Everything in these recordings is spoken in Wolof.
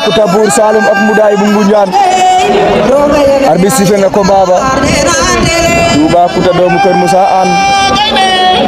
tabur salim ak Mboudaye bu Ngoundiane arbitre sifflé na combat ba Toubacouta doomu Kër Moussa an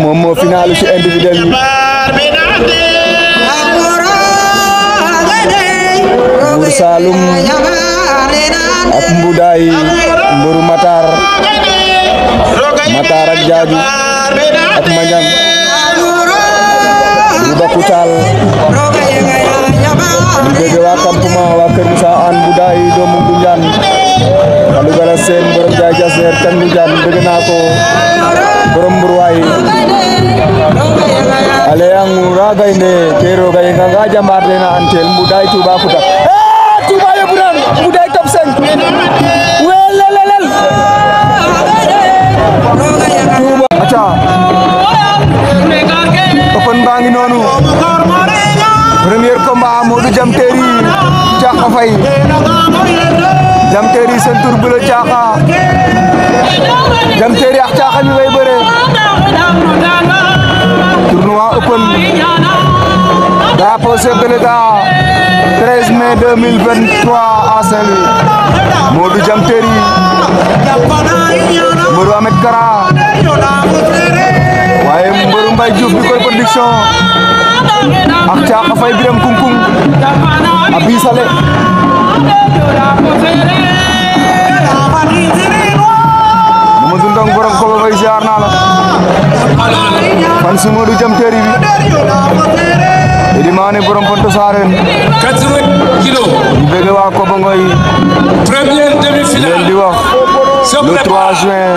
mom mo final ci individuel yi Buur ak Mboudaye mburu Matar Matar ak jaju ak Mandiang tal. di bëgg waa campement waa Kër Moussa an bu daay doomu Ngunjaan Fallou Gala Sène borom jaay jaseer kan Ngunjaan bëgg naa ko borom mburwaay ale yang ragai ne kero gai nganga jamar dena antel mudai tuba kuda eh tuba ya buran mudai top sen welelelel tuba acha open bangi nonu premier combat Modou Diam Terry Caaka Faye Diam Terry seen tur bu la Caaka Diam Terry ak Caaka mi lay bëre tournoi open drapeau chef de l'État 13 mai 2023 à Saint-Louis Modou Diam Terry mbëru Ahmed Kara waaye mbëru Mbaye Diouf bi koy production ak caaka fay biram kungkung abi sale mamadou borom ko fay ziar na la fan suma du jam teri bi di mané borom ponto saren 80 kilo bege wa ko bangoy demi le 3 juin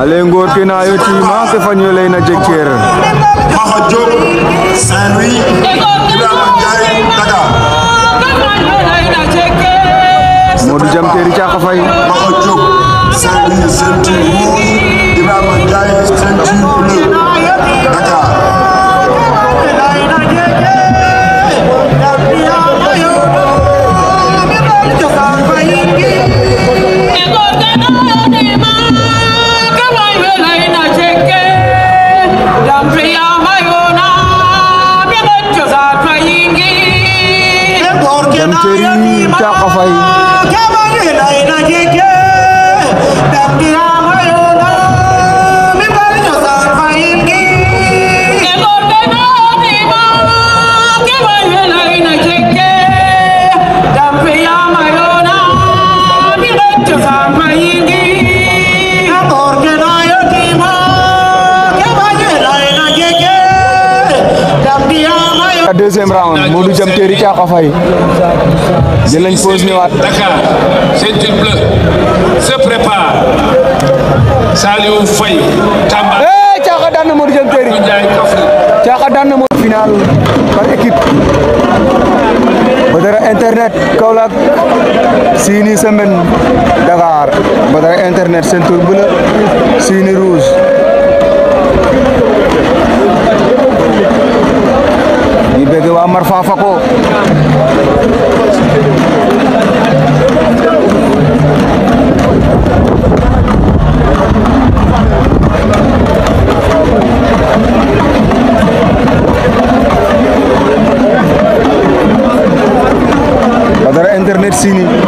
alengor kenayo tima ke fanyo leyna jekkier maxa diop saint louis ibrahima ndiaye dakar modou jam teri caka fay maxa diop saint louis saint louis ibrahima ndiaye saint louis deuxième round Modou Jam Téeri Caaxo Fay jël nañ pause ñëwaat Dakar ceinture bleue se prépare Saliou Faye Tamba eh Caaxo daan na Modou Jam Téeri Caaxo daan na Modou final par équipe Badara internet Kaolack siini semaine siini rouge bëggee waa Mar Fafako internet sini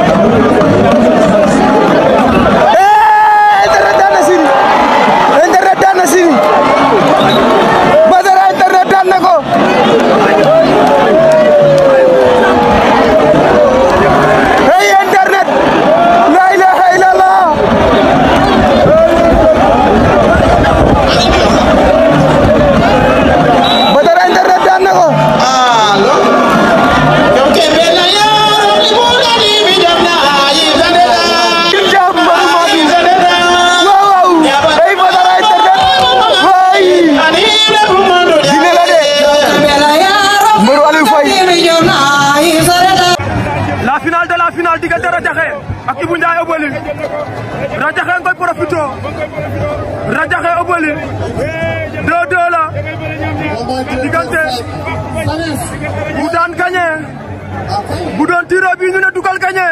budon doon bi ñu ne dugal kañe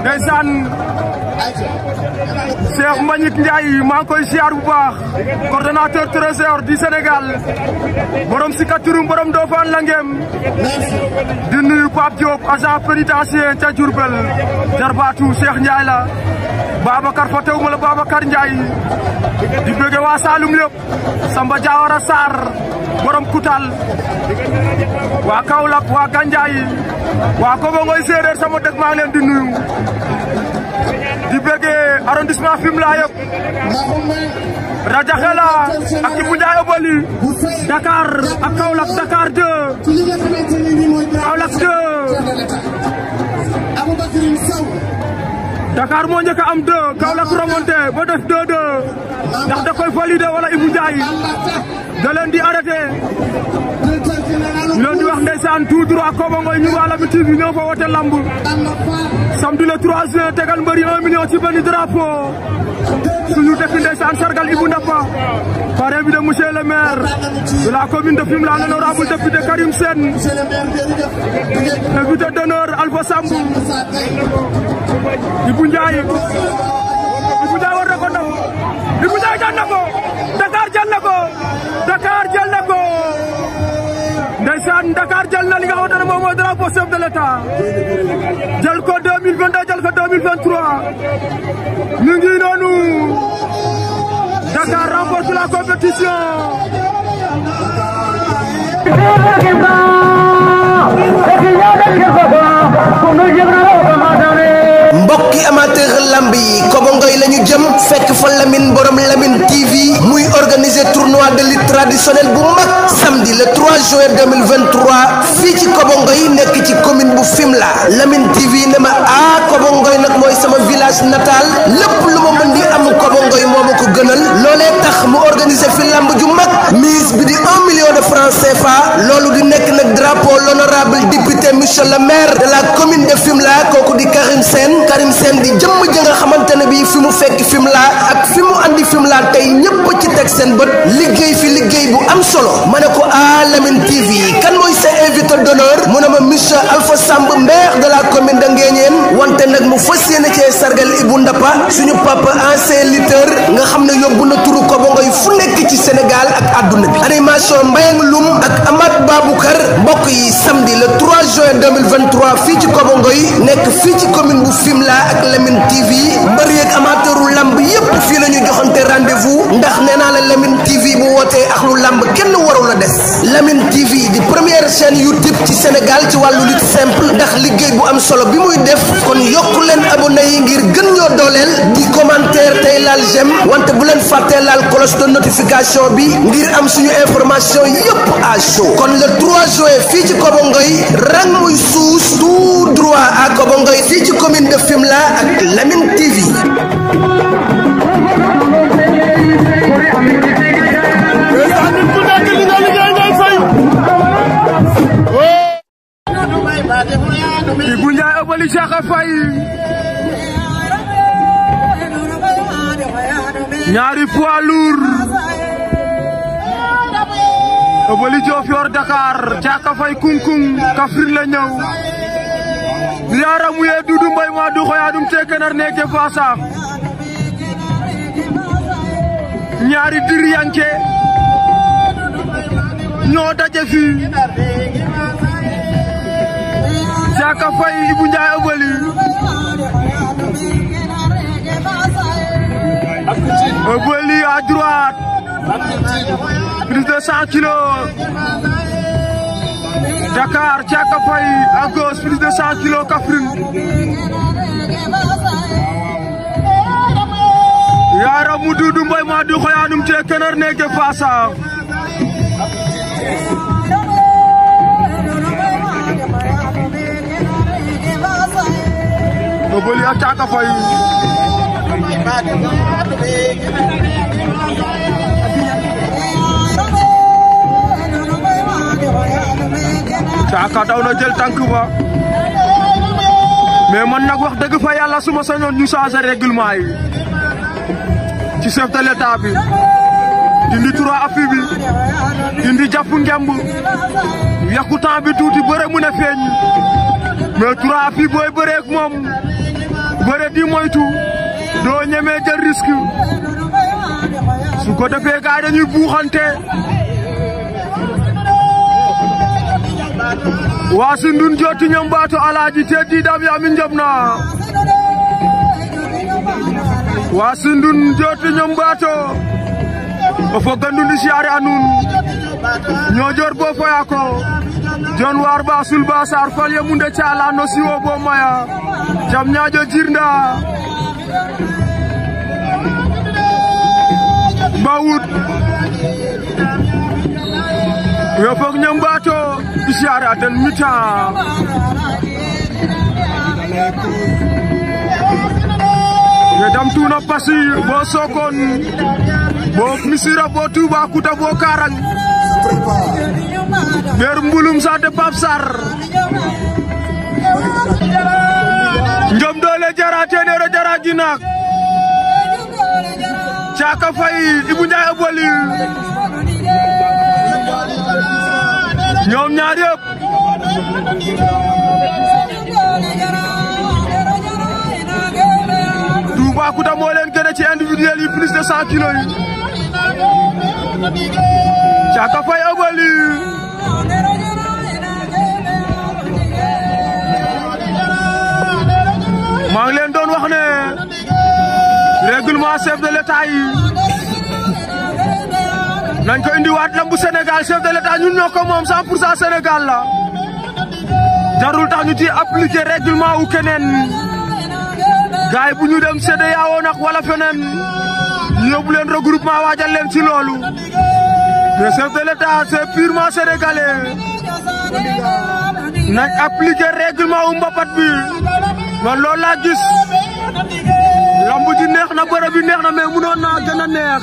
ndaysan Cheikh Mbagnick Ndiaye ma koy siyaar bu baax coordinateur trésor du Sénégal borom sikaturum borom Dofane la ngem di nuyu pap Diop agent pénitentiaire ta Diourbel jarbatou Cheikh Ndiaye la Babacar fa tew la Babacar Ndiaye di bëgg wa salum lepp Samba jawara sar borom kutal wa kaulak wa ganjay wa waa ngoy sédér sama dëkk ma ngi di nuyu di bëggee arrondissement Fimela yëpp rajaxela ak Ibou Ndiaye boli Dakar ak Kaolack Dakar 2 Kaolack 2 Dakar mo ñëk am 2 Kaolack remonté ba def 2-2 ndax da koy valider wala Ibou jaay da len di arrêter ñu leen di wax ndeysaan tout droit Koba Ngoye ñu ngi Alamidi bi ñoo fa wote lamb samedi le 3 juin tegal mbëri 1 million ci benn drapeau suñu dëkk ndeysaan sargal Ibou Ndapha parrain bi de monsieur le maire de la commune de Fimela l'honorable député Karim Sène invité d'honneur Alpha Sambou Ibou Ndiaye responsable de l'État. Djalko 2022, Djalko 2023. Nous nous. Dakar remporte la compétition. Et qu'il y a des pour nous dire mbokki amateur lamb yi kobongoy la ñu jëm fekk fa Lamine borom Lamine TV muy organiser tournoi de lutte traditionnel bu mag samedi le 3 juin 2023 fi ci kobongoy nekk ci commune bu fimla Lamine TV ne ma ah kobongoy nak moy sama village natal lepp lu ma mën di am kobongoy moo ma ko gënal l'olé tax mu organiser fi lamb ju mag mise bi di 1 million de francs CFA lolou di nekk nak drapeau l'honorable député monsieur le maire de la commune de Fimla, kooku di Karim sen Abdou di jëmm ji nga xamante ne bii fi mu fekk fi mu laa ak fi mu andi fi mu laa tey ñëpp ci teg seen bët liggéey fi liggéey bu am solo ma ne ko ah Lamine TV kan mooy sa invité d'honneur mu ne ma miss Alpha Samb maire de la commune de Nguéniène wante nag mu fas yéene cee sargal Ibou Ndapa suñu papa ancien lutteur nga xam ne yóbbu na turu ko ba ngay fu nekk ci Sénégal. àdduna bi animation Mbayang Loum ak Amath Baboukar mbokk yi samedi le 3 juin 2023 fii ci Kobongoy nekk fii ci commune bu Fimela ak Lamine TV mbër yeeg amateuru lamb yépp fii la ñu joxante rendez-vous ndax nee naa la Lamine TV bu wootee ak lu lamb kenn waru la des Lamine TV di première chaîne YouTube ci Sénégal ci wàllu lutte simple ndax liggéey bu am solo bi muy def kon yokk leen abonné yi ngir gën ñoo dooleel di commentaire tey laal j'aime wante bu leen fàttee laal cloche de bi am suñu information yëpp à chaud kon le 3 juin fii ci Kobongoy rang muy suus tout droit à Kobongoy fii ci commune de Fimela ak Lamine TV. Ibou Ndiaye Obali Cheikh Faye ñaari poids lourd Obeuli Diofior Dakar Thiaka Faye Kounkouŋ Kaffrine la ñëw yaramu ye Doudou Mbaye ma du xoyaadum te kenar neke ñaari diriyanke ñoo daje fi Thiaka Faye Ibou Ndiaye Obeuli Obeuli plus de cent du xoyanum te kenar neke fasa o boli a Thiaka Faye Caaka daw na jël tànk ba mais man nag wax dëgg fa yàlla suma sañoon ñu changé règlement yi ci chef de l'état bi dindi trois appuis bi dindi jàpp ngemb yàqu temps bi tuuti bëre mu ne feeñ mais trois appuis booy bëreeg moom bëre di moytu doo ñemee jël risque su ko defee gaay dañuy buuxante wasu ndun joti nyam bato alaji teddi dam yamin jobna wasu ndun joti nyam bato o fo gandu ni siare anun nyojor bo foyako jon war sar fal ye munde chala no siwo bo maya jam jirnda bawut yo foog ñam baato di siyaare a den mitan ya dam tuna pasi bo sokon bo misira bo tuba kuta bo karang ber mbulum sa de pap sar njom dole jara tenero jara jinak caka fay ibu njaay aboli ñoom ñaar yëpp Toubacouta moo leen gën ci individuel yi plus de cent kilos yi Thiaka maa ngi leen doon wax ne règlement chef de l'État yi nañ ko indiwaat lambu Sénégal chef de l'État ñun ñoo ko moom 100 pour cent Sénégal la jarul tax ñu ci appliqué règlement wu keneen gars bu ñu dem CEDEAO woon ak wala feneen ñu yóbbu leen regroupement waajal leen ci loolu mais chef de l'État c'est purement sénégalais nañ appliqué règlement wu mbapat bi man loolu laa gis lamb ci neex na bërëb bi neex na mais mënoon naa gën a neex.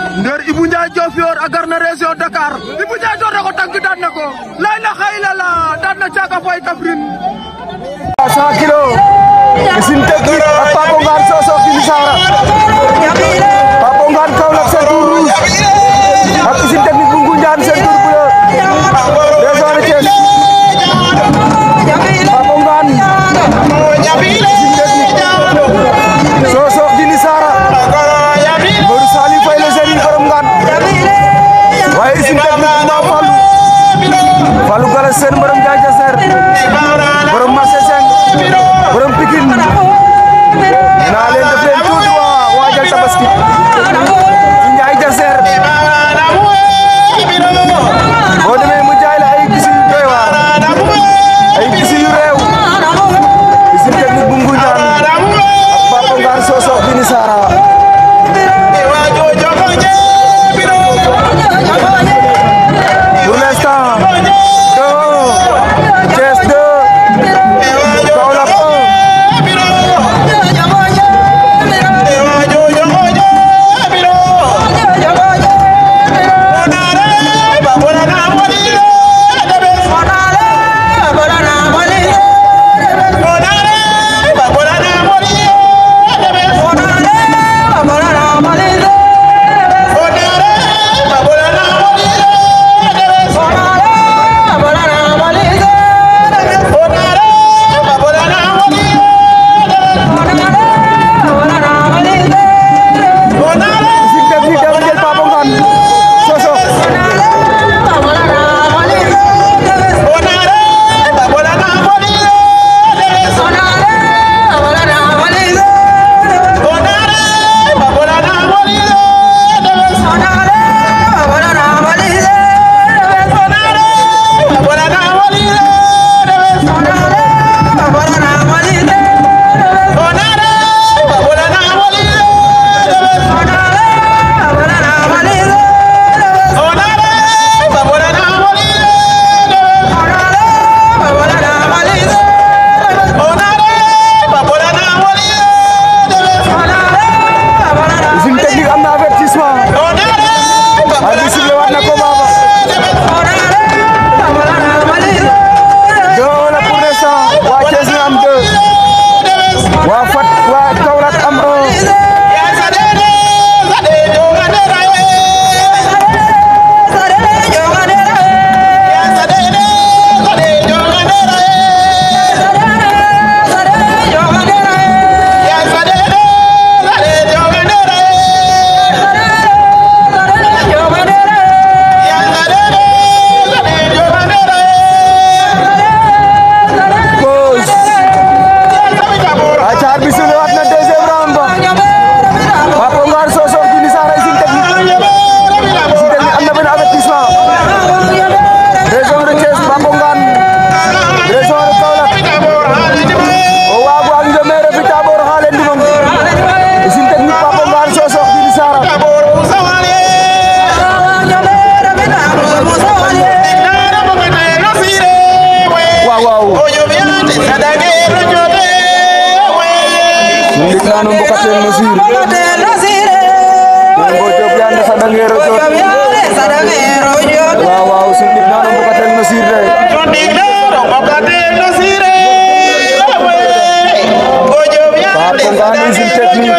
Ndeer Ibou Ndiaye Diofior ak Garna Dakar Ibou Ndiaye door na ko tànk daan la xay la la daan na w o bizim teknik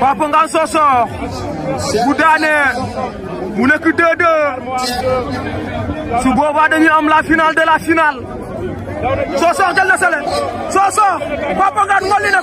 Papa Ngane Sossokh bu daanee mu nekk 2-2 su boobaa dañuy am la finale de la finale Sossokh jël na sele Sossokh Papa Ngane ngolli na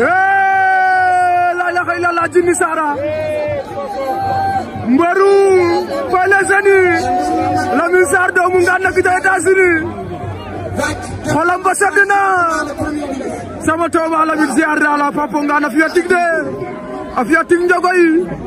la ilaha illallah Djily Sarr mbaru Palestine Lamine doomu Nganda gi ca États-Unis xolam ba sedd na sama tooba Lamine ziar naa la papa Nganda fiya a fiya tig